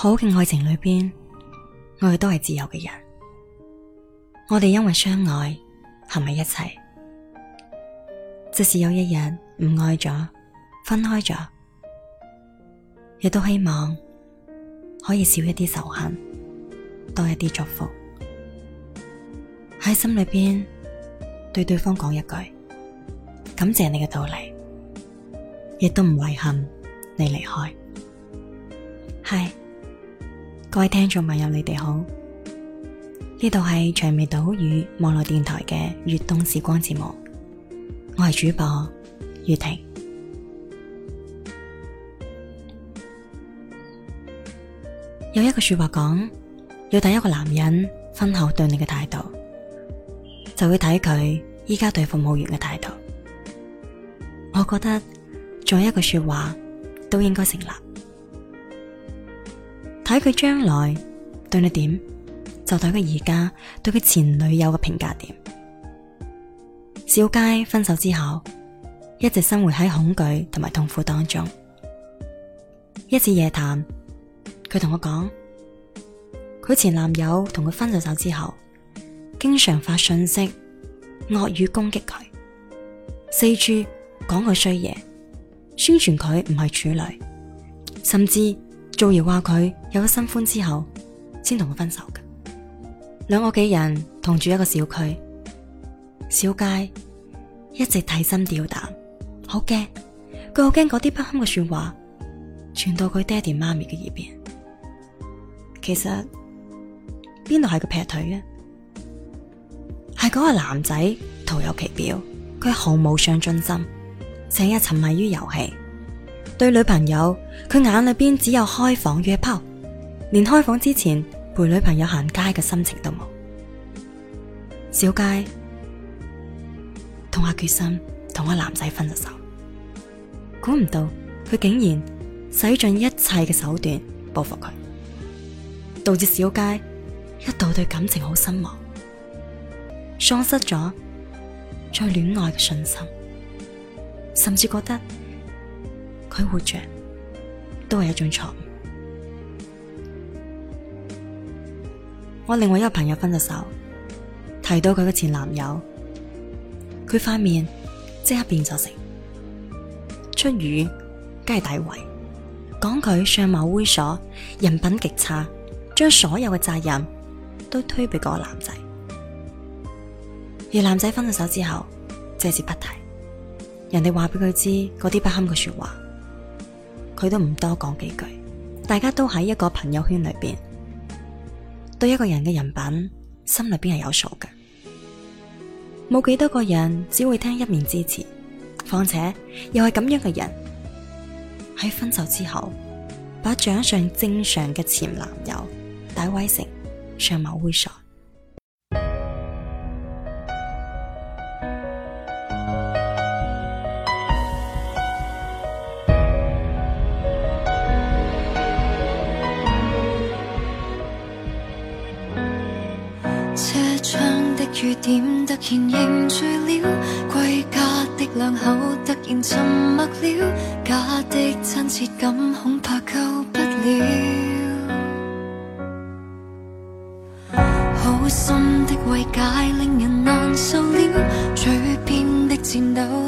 好嘅愛情裏邊，我哋都係自由嘅人。我哋因為相愛，行埋一齊。即使有一日唔愛咗，分開咗，亦都希望可以少一啲仇恨，多一啲祝福。喺心裏邊對對方講一句，感謝你嘅到嚟，亦都唔遺憾你離開。係。各位聽眾朋友，你哋好，呢度係長尾島嶼網絡電台嘅越冬時光節目，我係主播月婷。有一句說話講，要睇一個男人分手後對你嘅態度，就會睇佢依家對服務員嘅態度。我覺得仲有一句說話都應該成立。睇佢將來對你點，就睇佢而家對佢前女友嘅評價點。小佳分手之後，一直生活喺恐懼同埋痛苦當中。一次夜談，佢同我講，佢前男友同佢分咗手之後，經常發信息，惡語攻擊佢，四處講佢衰嘢，宣傳佢唔係處女，甚至，造謠話佢有咗新歡之後先同我分手嘅，兩屋企人同住一個小區，小佳一直提心吊膽，好驚，佢好驚嗰啲不堪嘅說話傳到佢爹哋媽咪嘅耳邊。其實邊度係個劈腿啊？係嗰個男仔徒有其表，佢毫無上進心，成日沉迷於遊戲。對女朋友，佢眼裏邊只有開房約炮，連開房之前陪女朋友行街嘅心情都冇。小佳痛下決心，同個男仔分咗手，估唔到佢竟然使盡一切嘅手段報復佢，導致小佳一度對感情好失望，喪失咗再戀愛嘅信心，甚至覺得。佢活着都係一種錯誤。我另外一個朋友分咗手，提到佢嘅前男友，佢塊面即刻變咗成春雨，梗係詆毀，講佢相貌猥瑣、人品極差，將所有嘅責任都推俾嗰個男仔。而男仔分咗手之後，借絕不提，人哋話俾佢知嗰啲不堪嘅說話。佢都唔多講幾句，大家都喺一個朋友圈裏邊，對一個人嘅人品心裏邊係有數嘅。冇幾多個人只會聽一面之詞，況且又係咁樣嘅人，喺分手之後，把掌上正常嘅前男友帶威成上某會所。臉突然凝住了，歸家的兩口突然沉默了，假的親切感恐怕救不了， 好心的慰解令人難受了，嘴邊的顫抖。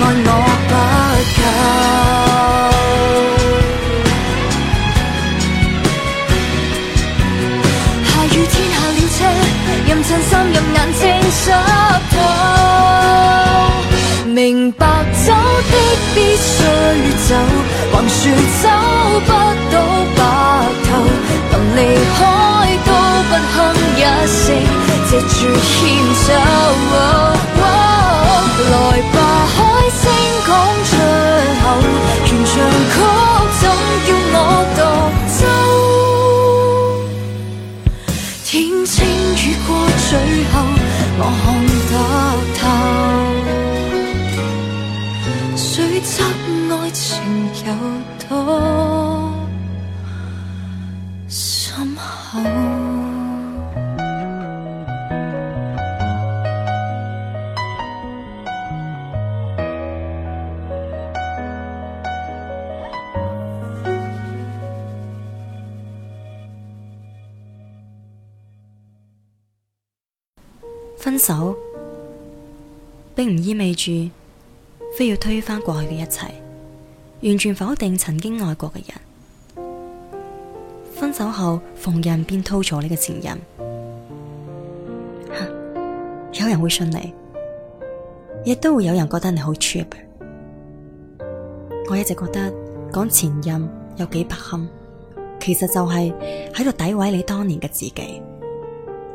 愛我吧。我看得透，水測愛情有多。分手並唔意味住非要推翻過去嘅一切，完全否定曾經愛過嘅人。分手後逢人便吐槽你嘅前任，啊，有人會信你，亦都會有人覺得你好 cheap。我一直覺得講前任有幾不堪，其實就係喺度詆毀你當年嘅自己。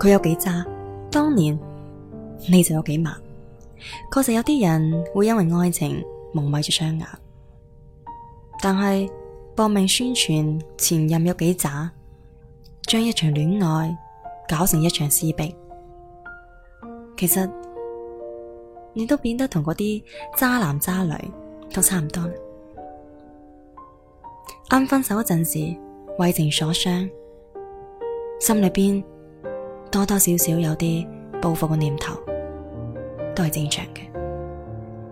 佢有幾渣，當年。你就有幾盲，確實有啲人會因為愛情矇蔽住雙眼。但係搏命宣傳前任有幾渣，將一場戀愛搞成一場撕逼，其實你都變得同嗰啲渣男渣女都差唔多。啱分手嗰陣時，為情所傷，心裏邊多多少少有啲報復嘅念頭。都係正常嘅，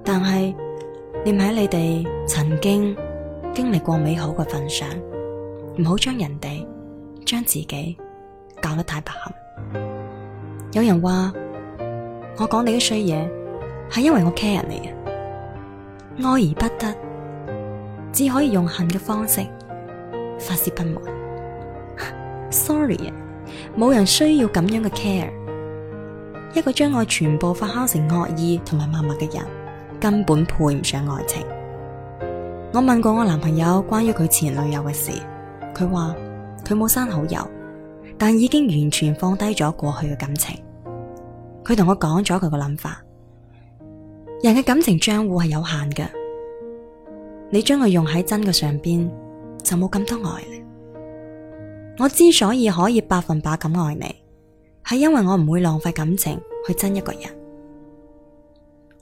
但係念喺你哋曾經經歷過美好嘅份上，唔好將人哋將自己搞得太不幸。有人話我講你啲衰嘢係因為我 care 你啊，愛而不得，只可以用恨嘅方式發洩不滿。 Sorry 啊，冇人需要咁樣嘅 care。一個將愛全部發酵成惡意同埋默默嘅人，根本配唔上愛情。我問過我男朋友關於佢前女友嘅事，佢話佢冇刪好友，但已經完全放低咗過去嘅感情。佢同我講咗佢個諗法：人嘅感情賬戶係有限嘅，你將佢用喺真嘅上邊，就冇咁多愛。我之所以可以百分百咁愛你，係因為我唔會浪費感情。去憎一個人，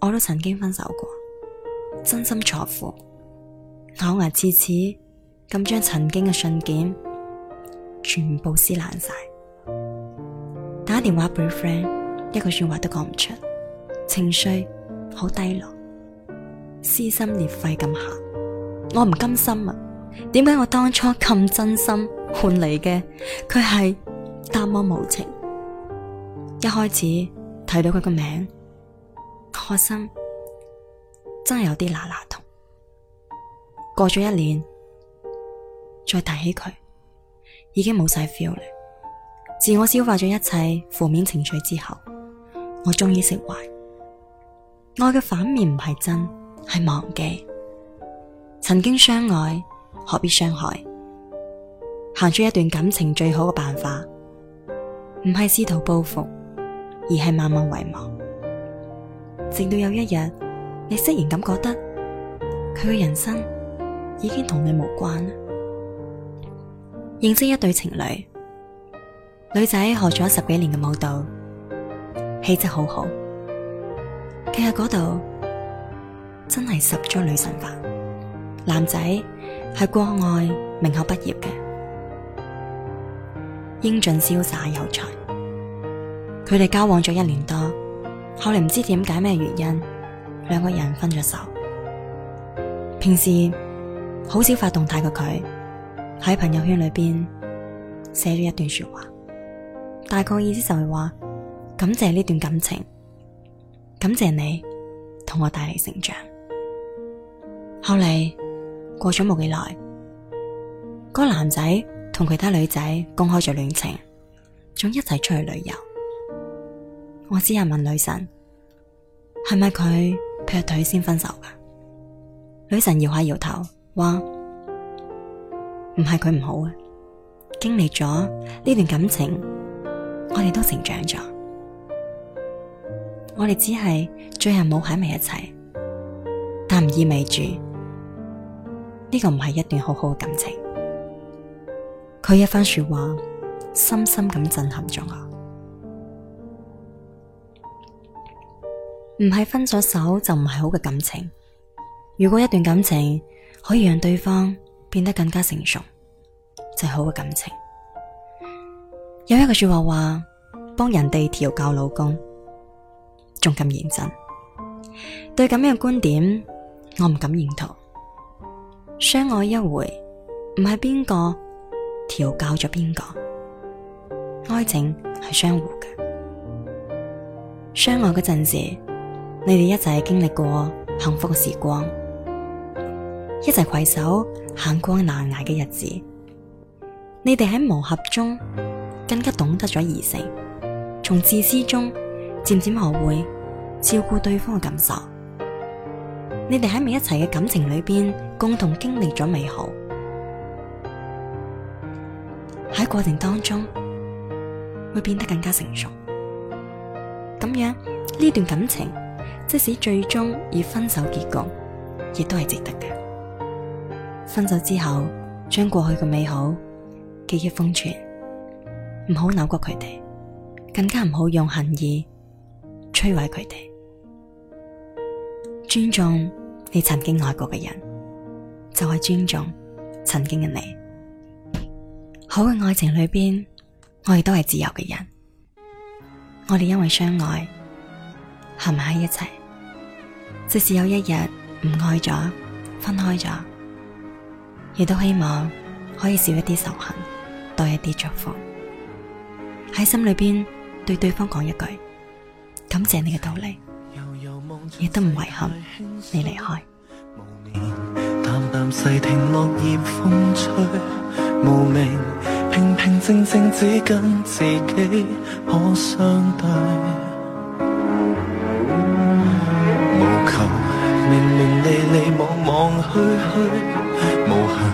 我都曾經分手過，真心錯付。咬牙切齒咁將曾經嘅信件全部撕爛晒，打電話俾 friend，一句說話都講唔出，情緒好低落，撕心裂肺咁喊。我唔甘心啊！點解我當初咁真心換嚟嘅，佢係淡漠無情？一開始。睇到佢個名，我心真係有啲嗱嗱痛。過咗一年，再提起佢，已經冇晒 feel 啦。自我消化咗一切負面情緒之後，我終於釋懷。愛嘅反面唔係真，係忘記。曾經相愛，何必傷害？行出一段感情最好嘅辦法，唔係試圖報復。而係慢慢遺忘，直到有一日，你釋然咁覺得佢嘅人生已經同你無關。認識一對情侶，女仔學咗十幾年嘅舞蹈，氣質好好，企喺嗰度真係十足女神範。男仔係國外名校畢業嘅，英俊瀟灑有才。佢哋交往咗一年多，後嚟唔知點解咩原因，兩個人分咗手。平時好少發動態嘅佢，喺朋友圈裏邊寫咗一段說話，大概意思就係話感謝呢段感情，感謝你同我帶嚟成長。後嚟過咗冇幾耐，個男仔同其他女仔公開咗戀情，仲一齊出去旅遊。我只係問女神，係咪佢劈腿先分手㗎？女神搖下搖頭，話唔係佢唔好啊，經歷咗呢段感情，我哋都成長咗。我哋只係最後冇喺埋一齊，但唔意味住呢個唔係一段好好嘅感情。佢一番說話，深深咁震撼咗我。唔係分咗手就唔係好嘅感情。如果一段感情可以讓對方變得更加成熟，就係好嘅感情。有一個說話話，幫人哋調教老公，仲咁認真。對咁樣嘅觀點，我唔敢認同。相愛一回，唔係邊個調教咗邊個，愛情係相互嘅。相愛嗰陣時。你哋一齊經歷過幸福嘅時光，一齊携手行過難捱嘅日子。你哋喺磨合中更加懂得咗異性，從自私中漸漸學會照顧對方嘅感受。你哋喺一齊嘅感情裏邊，共同經歷咗美好。喺過程當中，會變得更加成熟。咁樣呢段感情，即使最終以分手結局，亦都係值得嘅。分手之後，將過去嘅美好記憶封存，唔好扭過佢哋，更加唔好用恨意摧毀佢哋。尊重你曾經愛過嘅人，就係尊重曾經嘅你。好嘅愛情裏邊，我哋都係自由嘅人，我哋因為相愛，行埋喺一齊。即使有一日唔愛咗，分開咗，亦都希望可以少一啲仇恨，多一啲祝福。喺心裏邊對對方講一句，感謝你嘅到嚟，亦都唔遺憾你離開。無眠淡淡細聽落葉風吹，無名平平靜靜只跟自己可相對。去去無痕，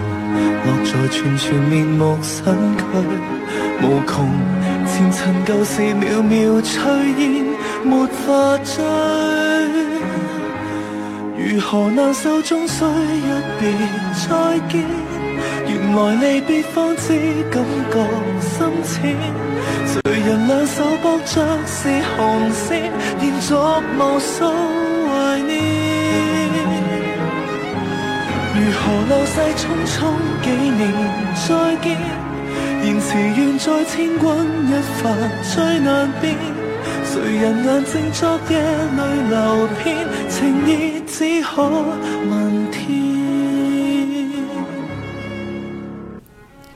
落在全全面目身軀，無窮前塵舊事，渺渺炊煙，沒法追。 如何難受，終須一別再見。原來離別方知感覺深淺，誰人兩手搏着是紅線，延續無數。流逝匆匆幾年再，再見言辭願再千鈞一發，最難辨誰人眼睛作夜淚流遍，情意只可問天。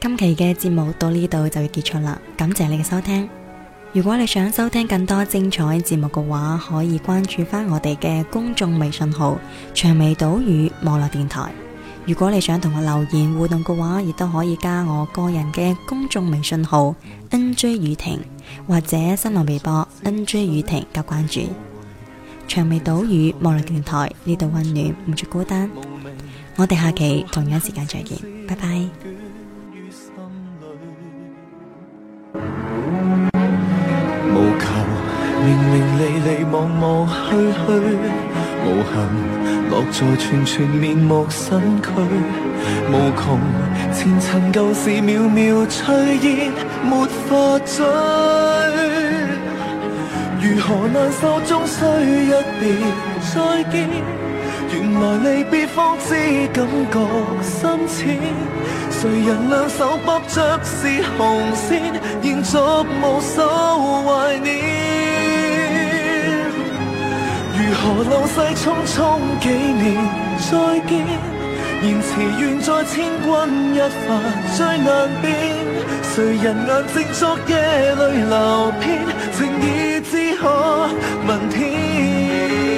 今期嘅節目到呢度就要結束啦，感謝你嘅收聽。如果你想收聽更多精彩節目嘅話，可以關注翻我哋嘅公眾微信號“長尾島嶼網絡電台”。如果你想同我留言互動嘅話，亦都可以加我個人嘅公眾微信號 N J 宇婷，或者新浪微博 N J 宇婷加關注。長尾島嶼網絡電台呢度溫暖，唔住孤單。我哋下期同樣時間再見，拜拜。無痕落在全全面目身軀，無窮前塵舊事渺渺炊煙，沒法追。如何難受，終須一別再見。原來離別方知感覺深淺，誰人兩手不着是紅線，延續無數懷念。如何流逝匆匆幾年？再見，言詞願在千鈞一發最難辨。誰人眼靜作夜淚流遍情意，只可問天。